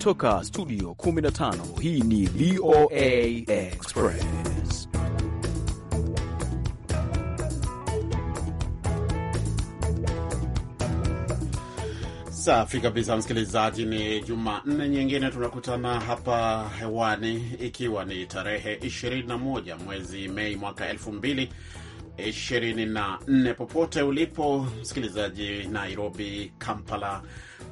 Kutoka studio 15 hii ni VOA Express. Safi kabisa, msikilizaji, ni Jumanne nyingine tunakutana hapa hewani, ikiwa ni tarehe 21 mwezi Mei mwaka 224 Popote ulipo msikilizaji, Nairobi, Kampala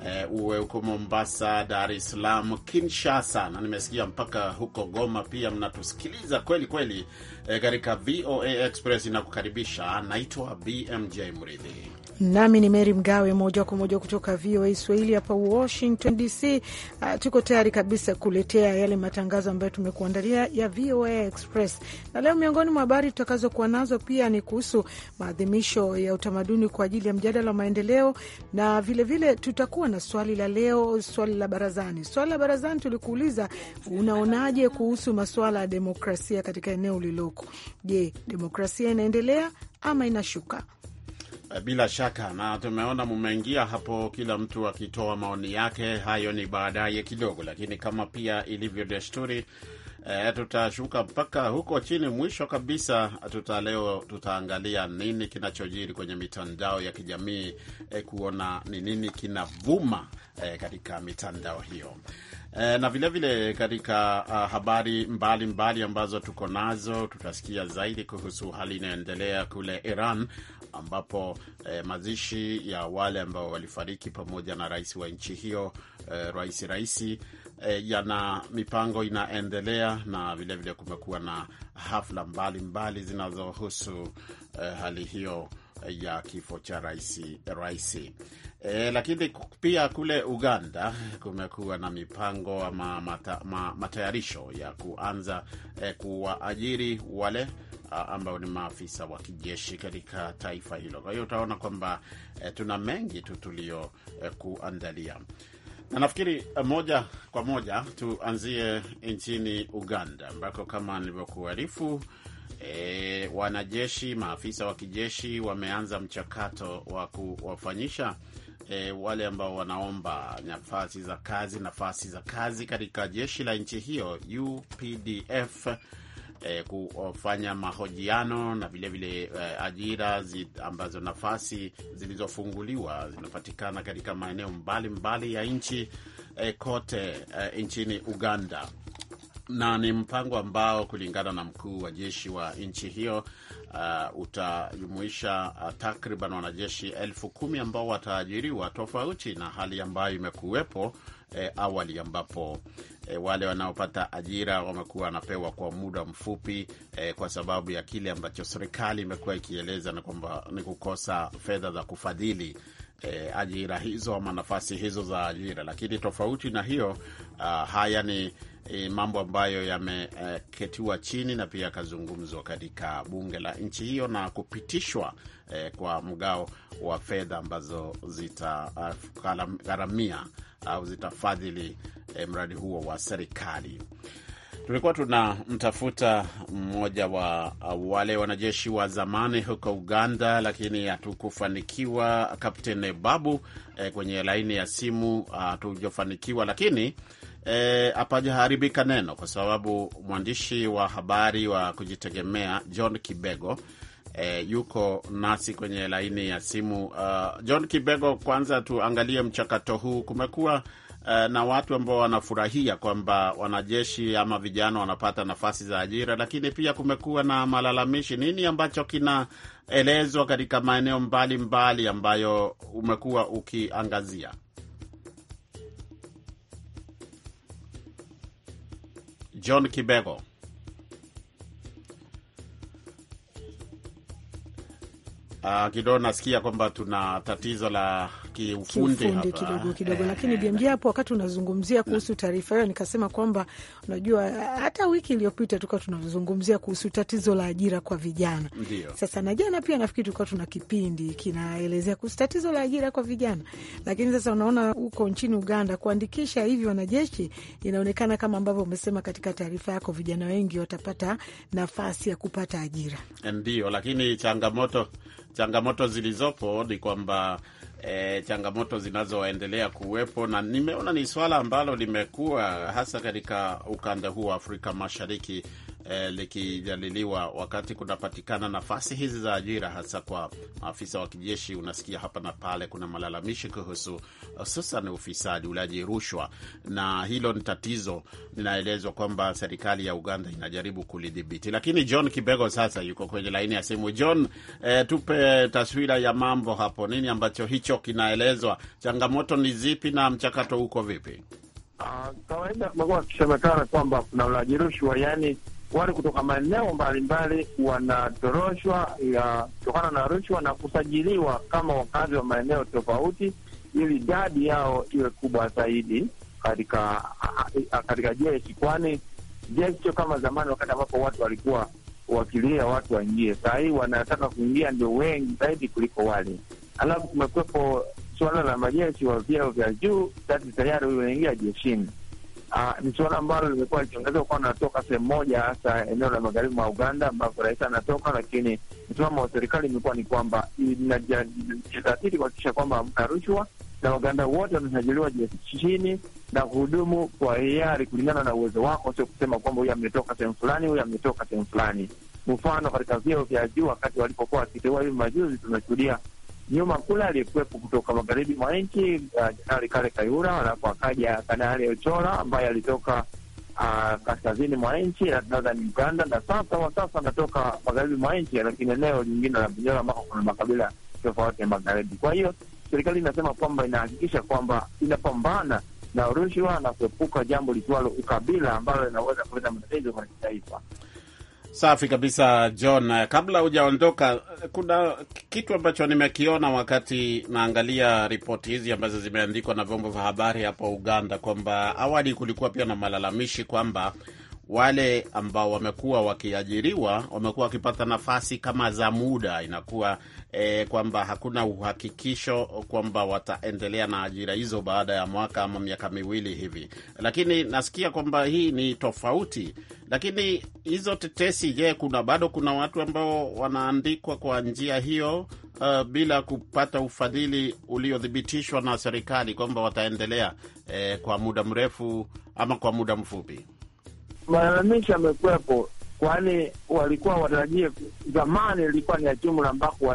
Eh, uwe huko Mombasa, Dar es Salaam, Kinshasa na nimesikia mpaka huko Goma pia mnatusikiliza kweli kweli eh, katika eh, VOA Express inakukaribisha. Naitwa BMJ Mridhi nami ni Meri Mgawe, moja kwa moja kutoka VOA Swahili hapa Washington DC. Uh, ah, tuko tayari kabisa kuletea yale matangazo ambayo tumekuandalia ya VOA Express na leo, miongoni mwa habari tutakazokuwa nazo pia ni kuhusu maadhimisho ya utamaduni kwa ajili ya mjadala wa maendeleo, na vilevile vile tutakuwa na swali la leo, swali la barazani. Swali la barazani tulikuuliza, unaonaje kuhusu masuala ya demokrasia katika eneo uliloko? Je, demokrasia inaendelea ama inashuka? Eh, bila shaka na tumeona mumeingia hapo, kila mtu akitoa maoni yake. Hayo ni baadaye kidogo, lakini kama pia ilivyo desturi e, tutashuka mpaka huko chini. Mwisho kabisa, tuta leo tutaangalia nini kinachojiri kwenye mitandao ya kijamii e, kuona ni nini kinavuma e, katika mitandao hiyo e, na vilevile katika uh, habari mbalimbali mbali ambazo tuko nazo, tutasikia zaidi kuhusu hali inayoendelea kule Iran ambapo eh, mazishi ya wale ambao walifariki pamoja na rais wa nchi hiyo eh, rais raisi eh, yana mipango inaendelea, na vilevile kumekuwa na hafla mbalimbali zinazohusu eh, hali hiyo ya kifo cha raisi raisi. E, lakini pia kule Uganda kumekuwa na mipango ama mata, ma, matayarisho ya kuanza e, kuwaajiri wale ambao ni maafisa wa kijeshi katika taifa hilo. Kwa hiyo utaona kwamba e, tuna mengi tu tulio e, kuandalia na nafikiri moja kwa moja tuanzie nchini Uganda ambako kama nilivyokuarifu e, wanajeshi maafisa wa kijeshi wameanza mchakato wa kuwafanyisha e, wale ambao wanaomba nafasi za kazi, nafasi za kazi katika jeshi la nchi hiyo UPDF E, eh, kufanya mahojiano na vilevile vile, e, ajira zi, ambazo nafasi zilizofunguliwa zinapatikana katika maeneo mbalimbali ya nchi e, kote e, nchini Uganda na ni mpango ambao kulingana na mkuu wa jeshi wa nchi hiyo uh, utajumuisha uh, takriban wanajeshi elfu kumi ambao wataajiriwa, tofauti na hali ambayo imekuwepo E, awali ambapo e, wale wanaopata ajira wamekuwa wanapewa kwa muda mfupi e, kwa sababu ya kile ambacho serikali imekuwa ikieleza na kwamba ni kukosa fedha za kufadhili e, ajira hizo ama nafasi hizo za ajira. Lakini tofauti na hiyo uh, haya ni e, mambo ambayo yameketiwa uh, chini na pia yakazungumzwa katika bunge la nchi hiyo na kupitishwa eh, kwa mgao wa fedha ambazo zitagharamia uh, au zitafadhili eh, mradi huo wa serikali. Tulikuwa tunamtafuta mmoja wa uh, wale wanajeshi wa zamani huko Uganda, lakini hatukufanikiwa. Kapten Babu e, kwenye laini ya simu uh, hatujafanikiwa, lakini e, eh, apajaharibika neno, kwa sababu mwandishi wa habari wa kujitegemea John Kibego e, yuko nasi kwenye laini ya simu. Uh, John Kibego, kwanza tuangalie mchakato huu. Kumekuwa Eh, na watu ambao wanafurahia kwamba wanajeshi ama vijana wanapata nafasi za ajira, lakini pia kumekuwa na malalamishi. Nini ambacho kinaelezwa katika maeneo mbalimbali mbali ambayo umekuwa ukiangazia? John Kibego. Uh, kidogo nasikia kwamba tuna tatizo la kiufundi kidogo kidogo, eh, lakini eh, BMJ eh. hapo wakati unazungumzia kuhusu taarifa hiyo nikasema kwamba unajua, hata wiki iliyopita tulikuwa tunazungumzia kuhusu tatizo la ajira kwa vijana. Ndiyo. Sasa na jana pia nafikiri tulikuwa tuna kipindi kinaelezea kuhusu tatizo la ajira kwa vijana, lakini sasa unaona huko nchini Uganda kuandikisha hivi wanajeshi inaonekana kama ambavyo umesema katika taarifa yako, vijana wengi watapata nafasi ya kupata ajira. Ndiyo, lakini changamoto changamoto zilizopo ni kwamba e, changamoto zinazoendelea kuwepo, na nimeona ni swala ambalo limekuwa hasa katika ukanda huu wa Afrika Mashariki eh, likijadiliwa wakati kunapatikana nafasi hizi za ajira, hasa kwa maafisa wa kijeshi. Unasikia hapa na pale kuna malalamishi kuhusu hususan ufisadi, ulaji rushwa, na hilo ni tatizo linaelezwa kwamba serikali ya Uganda inajaribu kulidhibiti. Lakini John Kibego sasa yuko kwenye laini ya simu. John, eh, tupe taswira ya mambo hapo, nini ambacho hicho kinaelezwa, changamoto ni zipi na mchakato uko vipi? Uh, kawaida kumekuwa akisemekana kwamba kuna ulaji rushwa, yani wale kutoka maeneo mbalimbali wanatoroshwa ya kutokana na rushwa na kusajiliwa kama wakazi wa maeneo tofauti, ili idadi yao iwe kubwa zaidi katika katika jeshi, kwani jeshi sio kama zamani, wakati ambapo watu walikuwa wakilia watu waingie. Saa hii wanataka kuingia ndio wengi zaidi kuliko wale. Alafu kumekwepo suala la majeshi wa vyeo vya juu tati tayari wanaingia jeshini Ah, ni suala ambalo limekuwa likiongezwa kuwa natoka sehemu moja, hasa eneo la magharibi mwa Uganda ambapo rais anatoka, lakini msimamo wa serikali imekuwa ni kwamba inajizatiti kuhakikisha kwamba hamna rushwa na Waganda wote wanasajiliwa jeshini na kuhudumu kwa hiari kulingana na uwezo wako, sio kusema kwamba huyu ametoka sehemu fulani, huyu ametoka sehemu fulani. Mfano, katika vyeo vya juu, wakati walipokuwa wakiteua hivi majuzi, tunashuhudia nyuma kule aliyekuepo kutoka magharibi mwa nchi uh, Jenerali uh, Kale Kayura, alafu akaja Kanali Ochola ambaye alitoka uh, kaskazini mwa nchi nadhani Uganda, na sasa wa sasa anatoka magharibi mwa nchi, lakini eneo lingine la Bunyola ambako kuna makabila tofauti ya magharibi. Kwa hiyo serikali inasema kwamba inahakikisha kwamba inapambana na rushwa na kuepuka jambo likiwalo ukabila ambalo linaweza kuleta matatizo kwa kitaifa. Safi kabisa John, kabla hujaondoka, kuna kitu ambacho nimekiona wakati naangalia ripoti hizi ambazo zimeandikwa na vyombo vya habari hapa Uganda, kwamba awali kulikuwa pia na malalamishi kwamba wale ambao wamekuwa wakiajiriwa wamekuwa wakipata nafasi kama za muda, inakuwa e, kwamba hakuna uhakikisho kwamba wataendelea na ajira hizo baada ya mwaka ama miaka miwili hivi, lakini nasikia kwamba hii ni tofauti. Lakini hizo tetesi, je, kuna bado kuna watu ambao wanaandikwa kwa njia hiyo uh, bila kupata ufadhili uliothibitishwa na serikali kwamba wataendelea e, kwa muda mrefu ama kwa muda mfupi? malalamishi yamekuwepo, kwani walikuwa watarajie. Zamani ilikuwa ni ajumla jumla, ambako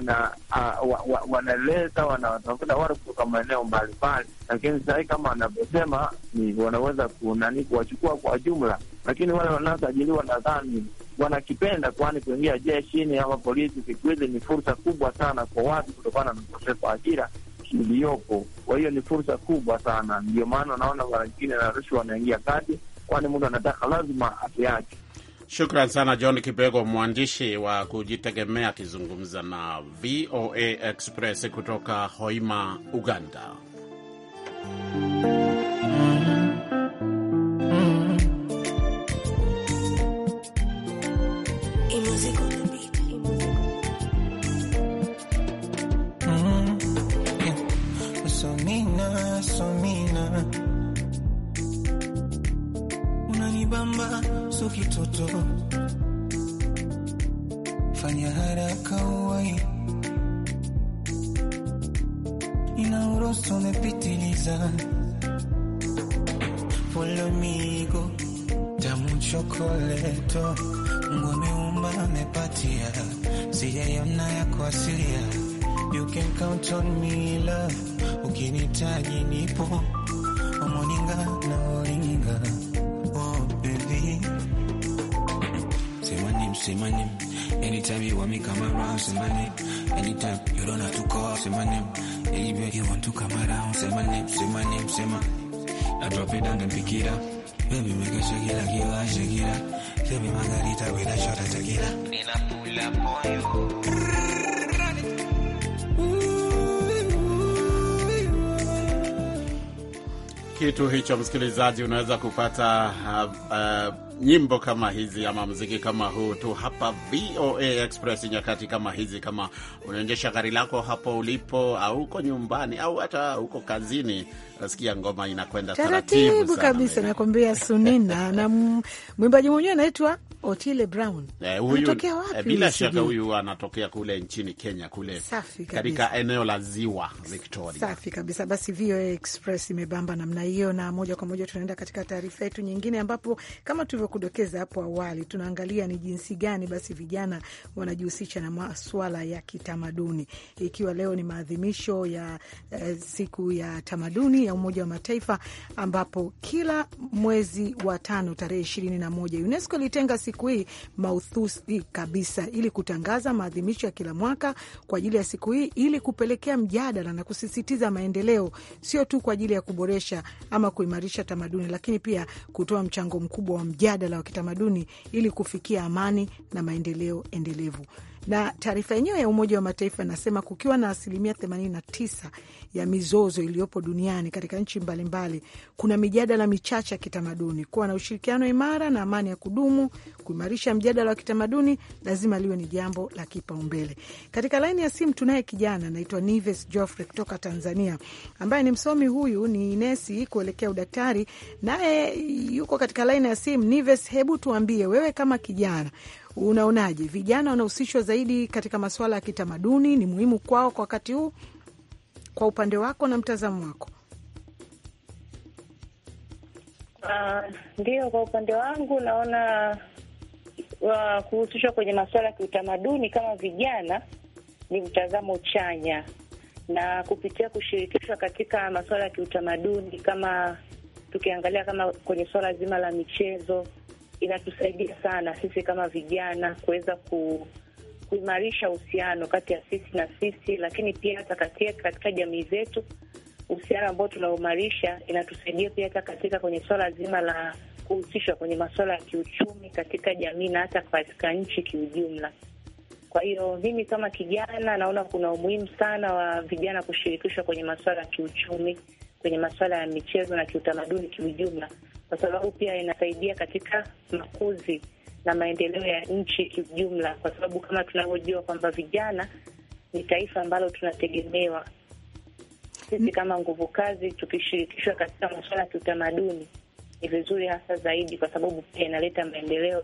wanaleta wanatafuta wale kutoka maeneo mbalimbali, lakini sahii kama wanavyosema ni wanaweza kunani kuwachukua kwa jumla, lakini wale wanaosajiliwa nadhani wanakipenda kwani kuingia jeshini ama polisi siku hizi ni fursa kubwa sana kwa watu, kutokana na ukosefu wa ajira iliyopo. Kwa hiyo ni fursa kubwa sana, ndio maana unaona mara nyingine na rushwa wanaingia kati kwani mtu anataka lazima atiache. Shukran sana John Kipego, mwandishi wa kujitegemea akizungumza na VOA Express kutoka Hoima, Uganda. mtoto, fanya haraka uwai, inaoroso umepitiliza, polomigo tamu chokoleto, ngome uma amepatia, sijaiona yako asilia, you can count on me love, ukinitaji nipo mwana mpikira baby, make shakira kiwa shakira baby, margarita with a shot of tequila, ninakula moyo kitu hicho, msikilizaji, unaweza kupata uh, uh, nyimbo kama hizi ama mziki kama huu tu hapa VOA Express nyakati kama hizi, kama unaendesha gari lako hapo ulipo, au uko nyumbani, au hata uko kazini utasikia ngoma inakwenda taratibu, kabisa, nakwambia Sunina na mwimbaji mwenyewe anaitwa Otile Brown. Eh, huyu eh, bila shaka huyu anatokea kule nchini Kenya kule katika eneo la ziwa Victoria. Safi kabisa. Basi VOA Express imebamba namna hiyo, na moja kwa moja tunaenda katika taarifa yetu nyingine, ambapo kama tulivyokudokeza hapo awali, tunaangalia ni jinsi gani basi vijana wanajihusisha na maswala ya kitamaduni, ikiwa leo ni maadhimisho ya eh, siku ya tamaduni ya ya Umoja wa Mataifa, ambapo kila mwezi wa tano tarehe ishirini na moja UNESCO ilitenga siku hii mauthusi kabisa ili kutangaza maadhimisho ya kila mwaka kwa ajili ya siku hii ili kupelekea mjadala na kusisitiza maendeleo, sio tu kwa ajili ya kuboresha ama kuimarisha tamaduni, lakini pia kutoa mchango mkubwa wa mjadala wa kitamaduni ili kufikia amani na maendeleo endelevu na taarifa yenyewe ya Umoja wa Mataifa inasema kukiwa na asilimia 89 ya mizozo iliyopo duniani katika nchi mbalimbali, mbali, kuna mijadala michache ya kitamaduni. Kuwa na ushirikiano imara na amani ya kudumu, kuimarisha mjadala wa kitamaduni lazima liwe ni jambo la kipaumbele. Katika laini ya simu tunaye kijana anaitwa Nives Joffrey kutoka Tanzania, ambaye ni msomi. Huyu ni nesi kuelekea udaktari, naye yuko katika laini ya simu. Nives, hebu tuambie wewe kama kijana unaonaje, vijana wanahusishwa zaidi katika masuala ya kitamaduni, ni muhimu kwao kwa wakati huu, kwa upande wako na mtazamo wako? Uh, ndio, kwa upande wangu naona uh, kuhusishwa kwenye masuala ya kiutamaduni kama vijana ni mtazamo chanya, na kupitia kushirikishwa katika masuala ya kiutamaduni, kama tukiangalia kama kwenye suala zima la michezo inatusaidia sana sisi kama vijana kuweza ku kuimarisha uhusiano kati ya sisi na sisi, lakini pia hata katika jamii zetu, uhusiano ambao tunaumarisha inatusaidia pia hata katika kwenye swala zima la kuhusishwa kwenye masuala ya kiuchumi katika jamii na hata katika nchi kiujumla. Kwa hiyo mimi kama kijana naona kuna umuhimu sana wa vijana kushirikishwa kwenye masuala ya kiuchumi, kwenye masuala ya michezo na kiutamaduni kiujumla, kwa sababu pia inasaidia katika makuzi na maendeleo ya nchi kiujumla, kwa sababu kama tunavyojua kwamba vijana ni taifa ambalo tunategemewa sisi mm. kama nguvu kazi. Tukishirikishwa katika masuala ya kiutamaduni ni vizuri hasa zaidi, kwa sababu pia inaleta maendeleo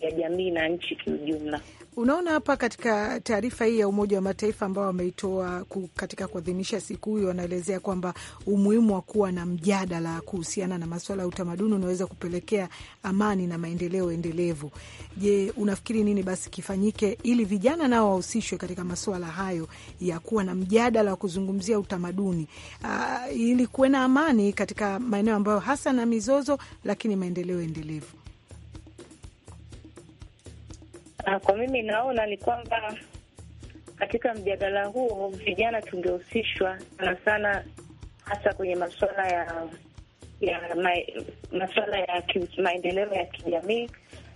ya jamii na nchi kiujumla. Unaona, hapa katika taarifa hii ya Umoja wa Mataifa ambao wameitoa katika kuadhimisha siku hii, wanaelezea kwamba umuhimu wa kuwa na mjadala kuhusiana na masuala ya utamaduni unaweza kupelekea amani na maendeleo endelevu. Je, unafikiri nini basi kifanyike ili vijana nao wahusishwe katika masuala hayo ya kuwa na mjadala wa kuzungumzia utamaduni, uh, ili kuwe na amani katika maeneo ambayo hasa na mizozo, lakini maendeleo endelevu? Ah, kwa mimi naona ni kwamba katika mjadala huo vijana tungehusishwa sana sana, hasa kwenye masuala ya ya masuala ya maendeleo ya kijamii,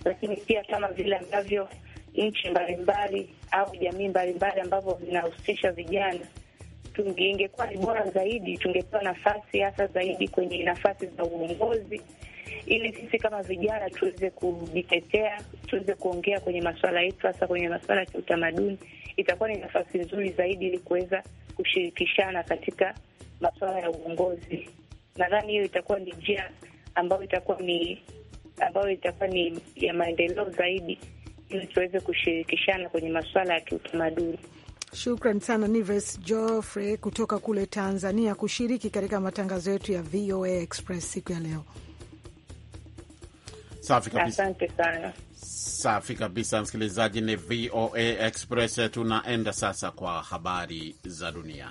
lakini pia kama vile ambavyo nchi mbalimbali au jamii mbalimbali ambavyo zinahusisha vijana, ingekuwa ni bora zaidi, tungepewa nafasi hasa zaidi kwenye nafasi za uongozi ili sisi kama vijana tuweze kujitetea, tuweze kuongea kwenye masuala yetu, hasa kwenye masuala ya kiutamaduni. Itakuwa ni nafasi nzuri zaidi ili kuweza kushirikishana katika masuala ya uongozi. Nadhani hiyo itakuwa ni njia ambayo itakuwa ni ambayo itakuwa ni ya maendeleo zaidi, ili tuweze kushirikishana kwenye masuala ya kiutamaduni. Shukran sana Nives Joffrey kutoka kule Tanzania kushiriki katika matangazo yetu ya VOA Express siku ya leo. Safi kabisa, asante sana. Safi kabisa, msikilizaji. Ni VOA Express, tunaenda sasa kwa habari za dunia.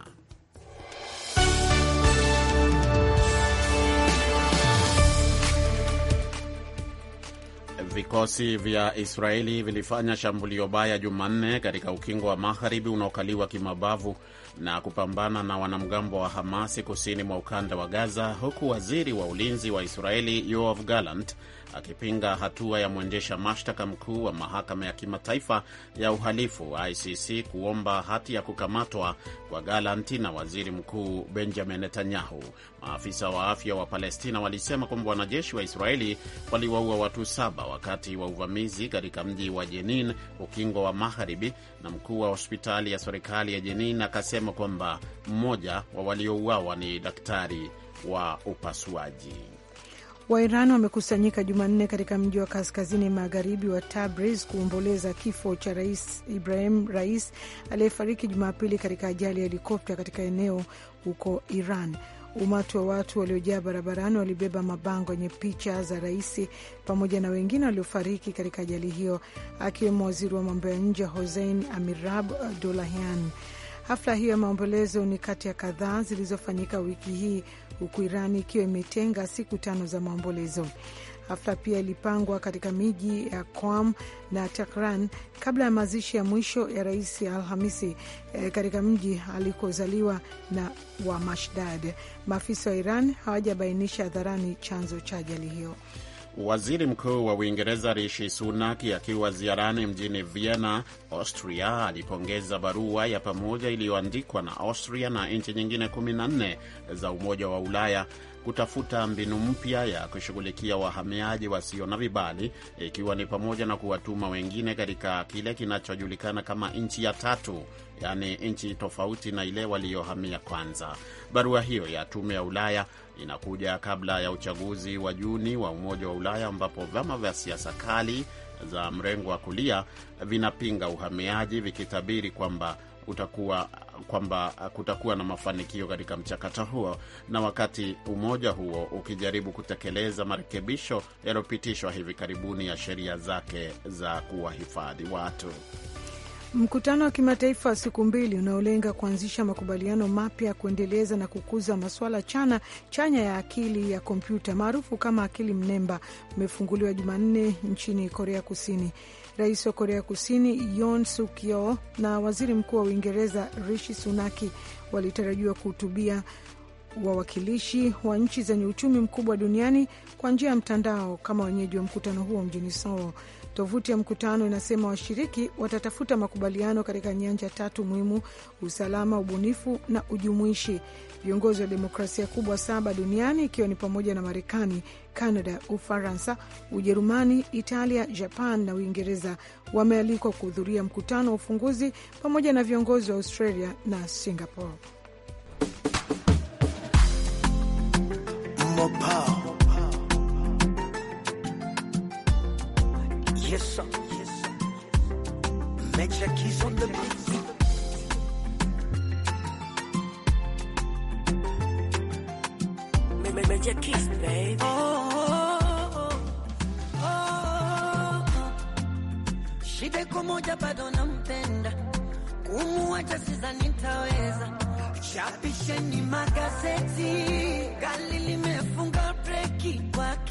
Vikosi vya Israeli vilifanya shambulio baya Jumanne katika ukingo wa magharibi unaokaliwa kimabavu na kupambana na wanamgambo wa Hamasi kusini mwa ukanda wa Gaza, huku waziri wa ulinzi wa Israeli Yoav Gallant akipinga hatua ya mwendesha mashtaka mkuu wa mahakama ya kimataifa ya uhalifu ICC kuomba hati ya kukamatwa kwa Galanti na waziri mkuu Benjamin Netanyahu. Maafisa wa afya wa Palestina walisema kwamba wanajeshi wa Israeli waliwaua watu saba wakati wa uvamizi katika mji wa Jenin, ukingo wa Magharibi, na mkuu wa hospitali ya serikali ya Jenin akasema kwamba mmoja wa waliouawa ni daktari wa upasuaji. Wairan wamekusanyika Jumanne katika mji wa kaskazini magharibi wa Tabriz kuomboleza kifo cha Rais Ibrahim Rais aliyefariki Jumapili katika ajali ya helikopta katika eneo huko Iran. Umati wa watu waliojaa barabarani walibeba mabango yenye picha za raisi pamoja na wengine waliofariki katika ajali hiyo, akiwemo waziri wa mambo ya nje Hossein Amirab Abdollahian. Hafla hiyo ya maombolezo ni kati ya kadhaa zilizofanyika wiki hii huku Iran ikiwa imetenga siku tano za maombolezo. Hafla pia ilipangwa katika miji ya Qom na Tehran kabla ya mazishi ya mwisho ya rais Alhamisi eh, katika mji alikozaliwa na wa Mashdad. Maafisa wa Iran hawajabainisha hadharani chanzo cha ajali hiyo. Waziri Mkuu wa Uingereza Rishi Sunak akiwa ziarani mjini Vienna, Austria, alipongeza barua ya pamoja iliyoandikwa na Austria na nchi nyingine 14 za Umoja wa Ulaya kutafuta mbinu mpya ya kushughulikia wahamiaji wasio na vibali, ikiwa ni pamoja na kuwatuma wengine katika kile kinachojulikana kama nchi ya tatu, yaani nchi tofauti na ile waliyohamia kwanza. Barua hiyo ya tume ya Ulaya inakuja kabla ya uchaguzi wa Juni wa Umoja wa Ulaya ambapo vyama vya siasa kali za mrengo wa kulia vinapinga uhamiaji vikitabiri kwamba utakuwa kwamba kutakuwa na mafanikio katika mchakato huo, na wakati umoja huo ukijaribu kutekeleza marekebisho yaliyopitishwa hivi karibuni ya sheria zake za kuwahifadhi watu. Mkutano wa kimataifa wa siku mbili unaolenga kuanzisha makubaliano mapya ya kuendeleza na kukuza masuala chana chanya ya akili ya kompyuta maarufu kama akili mnemba umefunguliwa Jumanne nchini Korea Kusini rais wa Korea Kusini Yoon Suk Yeol na waziri mkuu wa Uingereza Rishi sunaki walitarajiwa kuhutubia wawakilishi wa nchi zenye uchumi mkubwa duniani kwa njia ya mtandao kama wenyeji wa mkutano huo mjini Seoul. Tovuti ya mkutano inasema washiriki watatafuta makubaliano katika nyanja tatu muhimu: usalama, ubunifu na ujumuishi. Viongozi wa demokrasia kubwa saba duniani ikiwa ni pamoja na Marekani, canada Ufaransa, Ujerumani, Italia, Japan na Uingereza wamealikwa kuhudhuria mkutano wa ufunguzi pamoja na viongozi wa Australia na Singapore. Mopal. kiss up, kiss up. your kiss on the beat. your kiss, baby. Oh, oh, oh. Shibe kumoja bado nampenda, kumuacha sizani nitaweza. Chapisheni magazeti, gali limefungwa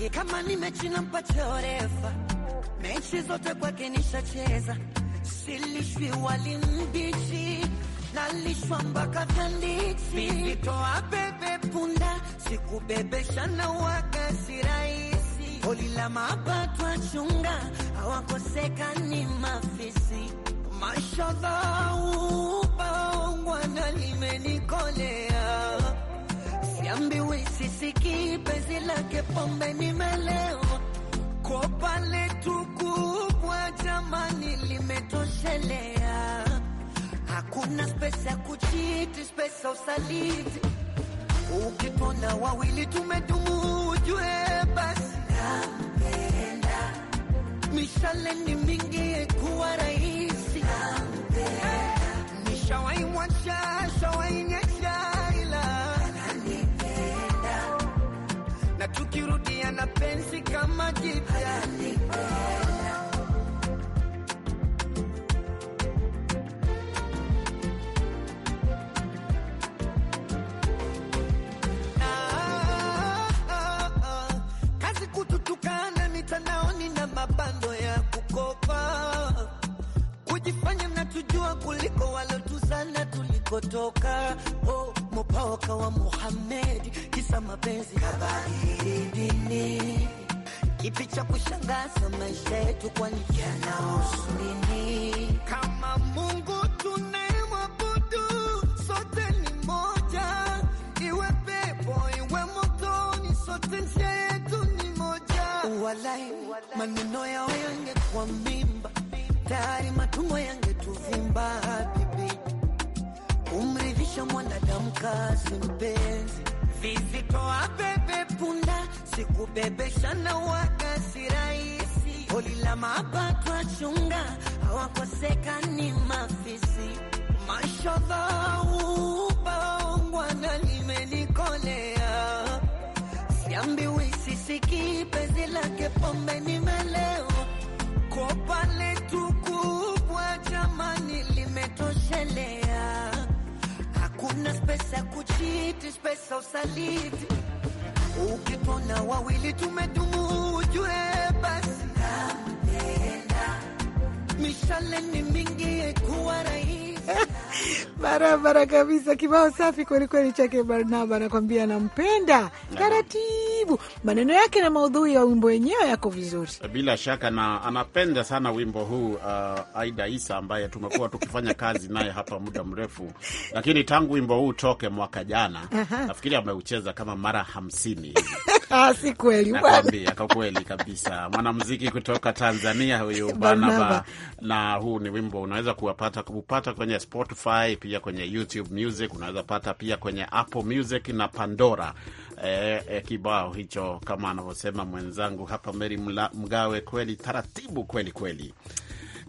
kwake Kama ni mechi nampa chorefa, mechi zote kwake nishacheza, silishwi wali mbichi, nalishwa mpaka kanditi, nitoa bebe punda, sikubebesha na waka si rahisi, holi la mapato achunga, hawakoseka ni mafisi, upa ubaongwana limenikolea Niambiwe sisikii penzi lake pombe, nimelewa kwa pale tukubwa, jamani limetoshelea. Hakuna spesi ya kuchiti, spesi ya usaliti. Ukipona wawili tumedumu, ujue basi nampenda. Mishale ni mingi kuwa rahisi, nishawaimwacha shawaini tukirudia na pensi kama jipya Kutoka kututukana mitandaoni na mabando ya kukopa kujifanya natujua kuliko tulikotoka wao wa Muhammad, kisa mapenzi habari dini. Kipi cha kushangaza maisha yetu, kwani yanahusu nini? Kama Mungu tunayemwabudu sote ni moja, iwe pepo iwe motoni, sote njia yetu ni moja. Walai, maneno yao yangekuwa mimba tayari, matumbo yangetuvimba Maisha mwanadamu kazi mpenzi, vizitoa bebe punda, sikubebesha na waga rahisi, holi la mapato achunga, ni mafisi, mashodha ubaongwana limenikolea, siambiwi sisiki penzi lake pombe meleo kopa letu kubwa jamani limetoshelea una spesa ya kuchiti, spesa usaliti. Ukipona wawili tumedumu, ujue basi mishale ni mingi kuwa rahisi barabara kabisa. Kibao safi kwelikweli chake Barnaba, anakwambia nampenda taratibu. Maneno yake na maudhui ya wimbo wenyewe yako vizuri, bila shaka, na anapenda sana wimbo huu. Uh, Aida Isa ambaye tumekuwa tukifanya kazi naye hapa muda mrefu, lakini tangu wimbo huu utoke mwaka jana, nafikiri ameucheza kama mara hamsini ah, si kweli nakwambia, kwa kweli kabisa. Mwanamuziki kutoka Tanzania huyu Barnaba, na huu ni wimbo unaweza kuwapata kupata kwenye Spotify Spotify, pia kwenye YouTube Music, unaweza pata pia kwenye Apple Music na Pandora. E, e, kibao hicho kama anavyosema mwenzangu hapa Meri Mgawe, kweli taratibu, kweli kweli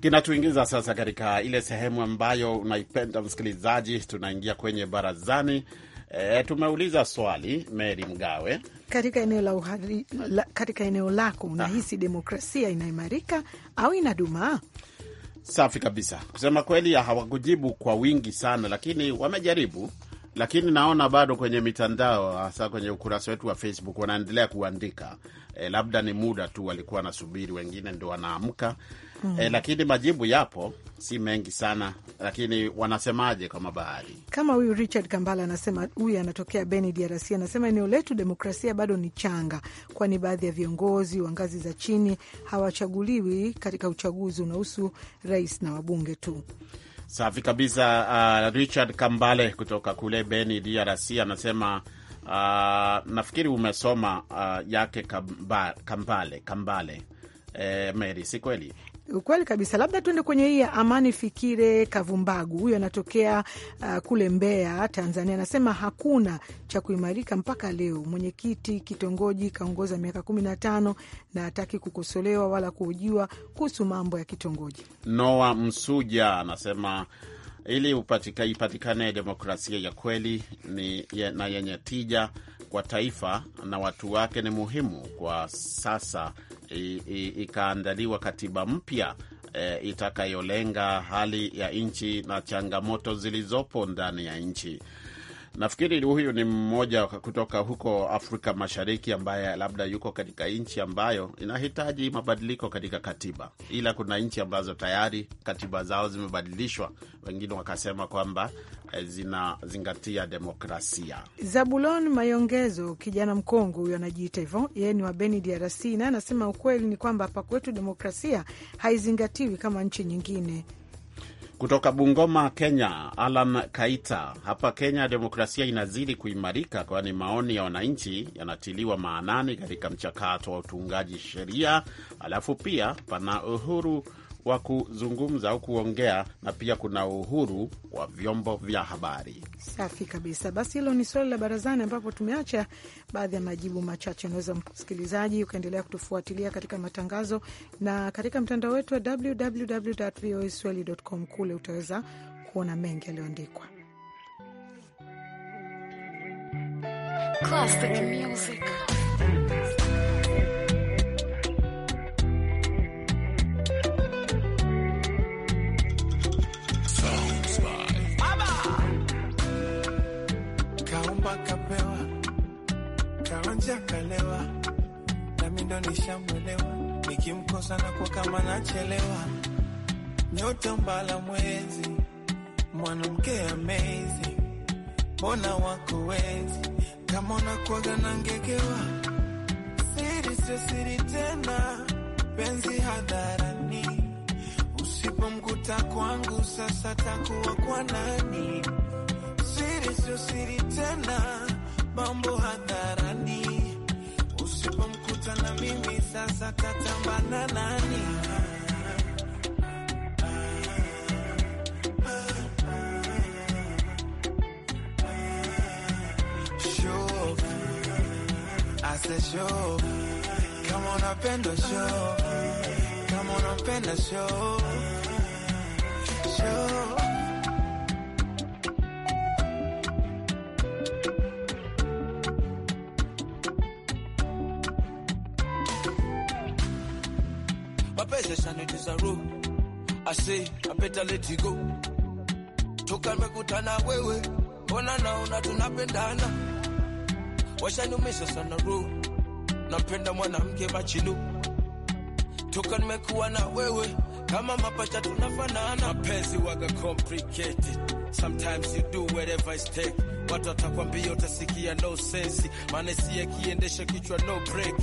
kinatuingiza sasa katika ile sehemu ambayo unaipenda msikilizaji, tunaingia kwenye barazani. E, tumeuliza swali Meri Mgawe, katika eneo la uhari, la, katika eneo lako unahisi ah. demokrasia inaimarika au inadumaa? Safi kabisa. Kusema kweli, hawakujibu kwa wingi sana, lakini wamejaribu lakini naona bado kwenye mitandao hasa kwenye ukurasa wetu wa Facebook wanaendelea kuandika e, labda ni muda tu walikuwa wanasubiri, wengine ndo wanaamka mm. E, lakini majibu yapo, si mengi sana, lakini wanasemaje kwa mabahari kama huyu Richard Kambala anasema, huyu anatokea Beni, DRC, anasema eneo letu demokrasia bado ni changa, kwani baadhi ya viongozi wa ngazi za chini hawachaguliwi katika uchaguzi unahusu rais na wabunge tu. Safi kabisa. Uh, Richard Kambale kutoka kule Beni, DRC anasema uh, nafikiri umesoma uh, yake Kambale Kambale, eh, Mary, si kweli? Ukweli kabisa, labda tuende kwenye hii ya Amani Fikire Kavumbagu. Huyu anatokea uh, kule Mbeya, Tanzania. Anasema hakuna cha kuimarika mpaka leo. Mwenyekiti kitongoji kaongoza miaka kumi na tano na hataki kukosolewa wala kuhojiwa kuhusu mambo ya kitongoji. Noa Msuja anasema ili upatika, ipatikane demokrasia ya kweli ni, na yenye tija kwa taifa na watu wake ni muhimu kwa sasa ikaandaliwa katiba mpya e, itakayolenga hali ya nchi na changamoto zilizopo ndani ya nchi. Nafikiri huyu ni mmoja kutoka huko Afrika Mashariki ambaye labda yuko katika nchi ambayo inahitaji mabadiliko katika katiba, ila kuna nchi ambazo tayari katiba zao zimebadilishwa, wengine wakasema kwamba eh, zinazingatia demokrasia. Zabulon Mayongezo, kijana mkongwe huyo, anajiita hivyo, yeye ni wa Beni, DRC, na anasema ukweli ni kwamba hapa kwetu demokrasia haizingatiwi kama nchi nyingine. Kutoka Bungoma, Kenya, Alan Kaita. Hapa Kenya demokrasia inazidi kuimarika, kwani maoni ya wananchi yanatiliwa maanani katika mchakato wa utungaji sheria, alafu pia pana uhuru wa kuzungumza au kuongea, na pia kuna uhuru wa vyombo vya habari. Safi kabisa. Basi hilo ni swali la barazani, ambapo tumeacha baadhi ya majibu machache. Unaweza msikilizaji ukaendelea kutufuatilia katika matangazo na katika mtandao wetu wa www.voaswahili.com. Kule utaweza kuona mengi yaliyoandikwa. Classic music. mama kapewa kaonja kalewa, nami ndo nishamwelewa, nikimkosa na kwa kama nachelewa. Nyota mbala mwezi, mwanamke amazing, mbona wako wezi kama unakwaga na ngegewa. Siri sio siri tena, penzi hadharani, usipomkuta kwangu sasa takuwa kwa nani? Siri sio siri tena, mambo hadharani. Usipomkuta na mimi sasa tatambana nani? Show, I said show. Kama show, show better let it go. Toka nimekutana wewe, mbona naona tunapendana, washanumisha sana roho, napenda mwanamke machinu. Toka nimekuwa na wewe, kama mapacha tunafanana, mapenzi waga complicated Sometimes you do whatever it take. Watu watakwambia utasikia no sense, maana si akiendesha kichwa no break.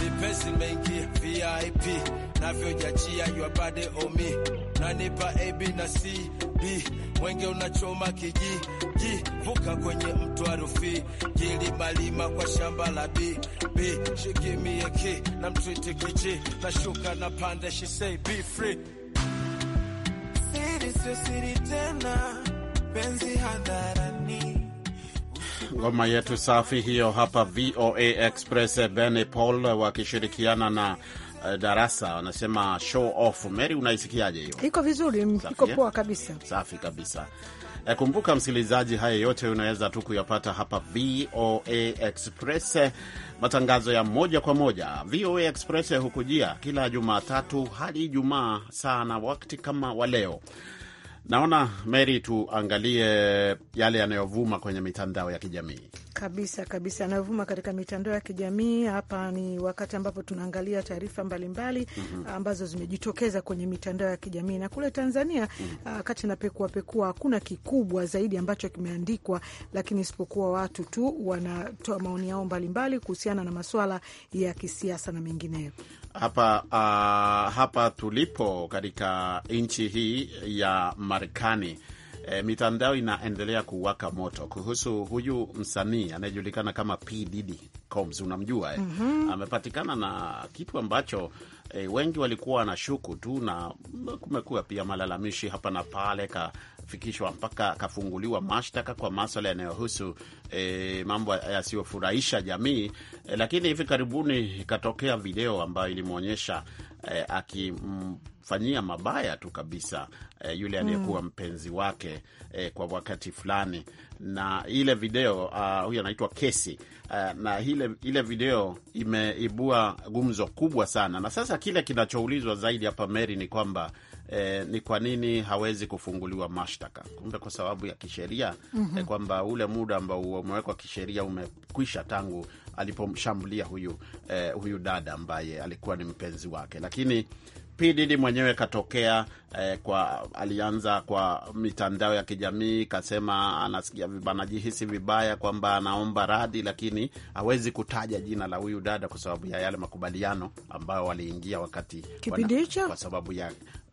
Vipesi mengi VIP navyo jachia your body on me. Nanipa AB na CB mwenge unachoma kiji ji vuka kwenye mtu wa Rufiji jilimalima kwa shamba la B B shikimie ki na mtwiti kichi na shuka na panda she say be free. Siri sio siri tena Ngoma yetu safi hiyo hapa VOA Express, Ben Paul wakishirikiana na eh, Darasa wanasema show off. Mary, unaisikiaje hiyo? Iko vizuri, iko eh? poa kabisa, safi kabisa. Eh, kumbuka msikilizaji, haya yote unaweza tu kuyapata hapa VOA Express, matangazo ya moja kwa moja. VOA Express hukujia kila Jumatatu hadi Ijumaa sana wakati kama wa leo Naona Mary, tuangalie yale yanayovuma kwenye mitandao ya kijamii kabisa kabisa, yanayovuma katika mitandao ya kijamii hapa. Ni wakati ambapo tunaangalia taarifa mbalimbali mm -hmm. ambazo zimejitokeza kwenye mitandao ya kijamii na kule Tanzania mm -hmm. Ah, wakati napekua pekua, hakuna kikubwa zaidi ambacho kimeandikwa, lakini isipokuwa watu tu wanatoa maoni yao mbalimbali kuhusiana na maswala ya kisiasa na mengineyo hapa uh, hapa tulipo katika nchi hii ya Marekani e, mitandao inaendelea kuwaka moto kuhusu huyu msanii anayejulikana kama P Diddy Combs, unamjua eh? mm -hmm. Amepatikana na kitu ambacho e, wengi walikuwa wanashuku tu, na kumekuwa pia malalamishi hapa na pale ka kufikishwa mpaka akafunguliwa mashtaka kwa maswala yanayohusu e, mambo yasiyofurahisha jamii e, lakini hivi karibuni ikatokea video ambayo ilimwonyesha e, akimfanyia mabaya tu kabisa e, yule hmm. aliyekuwa mpenzi wake e, kwa wakati fulani, na ile video uh, huyu anaitwa Kesi uh, e, na ile, ile video imeibua gumzo kubwa sana, na sasa kile kinachoulizwa zaidi hapa Meri ni kwamba eh, ni kwa nini hawezi kufunguliwa mashtaka? Kumbe kwa sababu ya kisheria mm -hmm. eh, mhm. kwamba ule muda ambao umewekwa kisheria umekwisha tangu alipomshambulia huyu, eh, huyu dada ambaye alikuwa ni mpenzi wake, lakini P mwenyewe katokea eh, kwa alianza kwa mitandao ya kijamii kasema, anasikia anajihisi vibaya kwamba anaomba radhi, lakini hawezi kutaja jina la huyu dada kwa sababu ya yale makubaliano ambayo waliingia wakati kwa sababu ya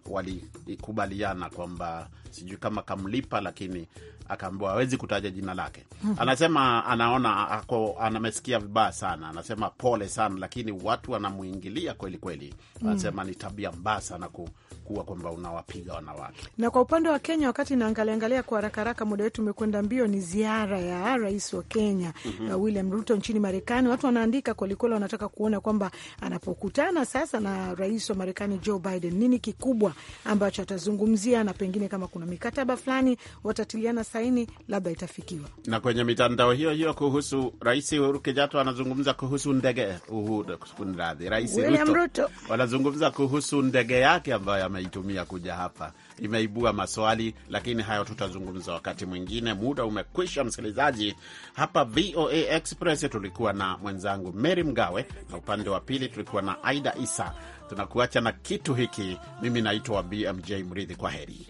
walikubaliana kwamba sijui kama kamlipa, lakini akaambiwa hawezi kutaja jina lake. Anasema anaona ako anamesikia vibaya sana, anasema pole sana, lakini watu wanamuingilia kweli kweli. Anasema mm, ni tabia mbaya sana ku, kuwa kwamba unawapiga wanawake. Na kwa upande wa Kenya, wakati naangaliangalia kwa haraka haraka, muda wetu umekwenda mbio, ni ziara ya rais wa Kenya mm -hmm. William Ruto nchini Marekani. Watu wanaandika kwelikweli, wanataka kuona kwamba anapokutana sasa na rais wa Marekani Joe Biden, nini kikubwa ambacho atazungumzia, na pengine kama kuna mikataba fulani watatiliana saini labda itafikiwa. Na kwenye mitandao hiyo hiyo kuhusu Rais Uhuru Kenyatta anazungumza kuhusu ndege uhudradhi, Rais Ruto wanazungumza kuhusu ndege yake ambayo ameitumia kuja hapa, imeibua maswali, lakini hayo tutazungumza wakati mwingine. Muda umekwisha, msikilizaji. Hapa VOA Express tulikuwa na mwenzangu Mary Mgawe na upande wa pili tulikuwa na Aida Isa. Tunakuacha na kitu hiki. Mimi naitwa BMJ Mridhi, kwa heri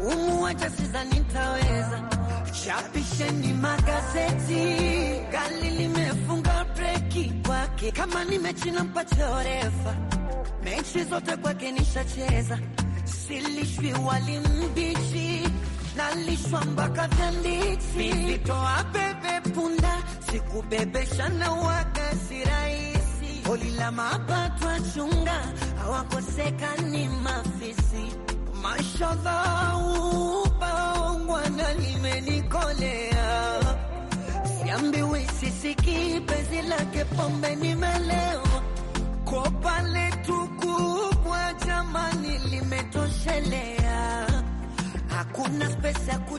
kumuacha sidhani nitaweza. Chapisheni magazeti, gari limefunga breki kwake. Kama ni mechi nampa chorefa, mechi zote kwake nishacheza. Silishwi wali mbichi, nalishwa mpaka vyanditi. Nilitoa bebe punda, sikubebesha na wakasi rahisi. Holi la mapato chunga, hawakosekani mafisi mashadhau baongwana limenikolea siambiwi sisiki penzi lake pombe nimelewa kopa letu kubwa jamani limetoshelea hakuna pesa ya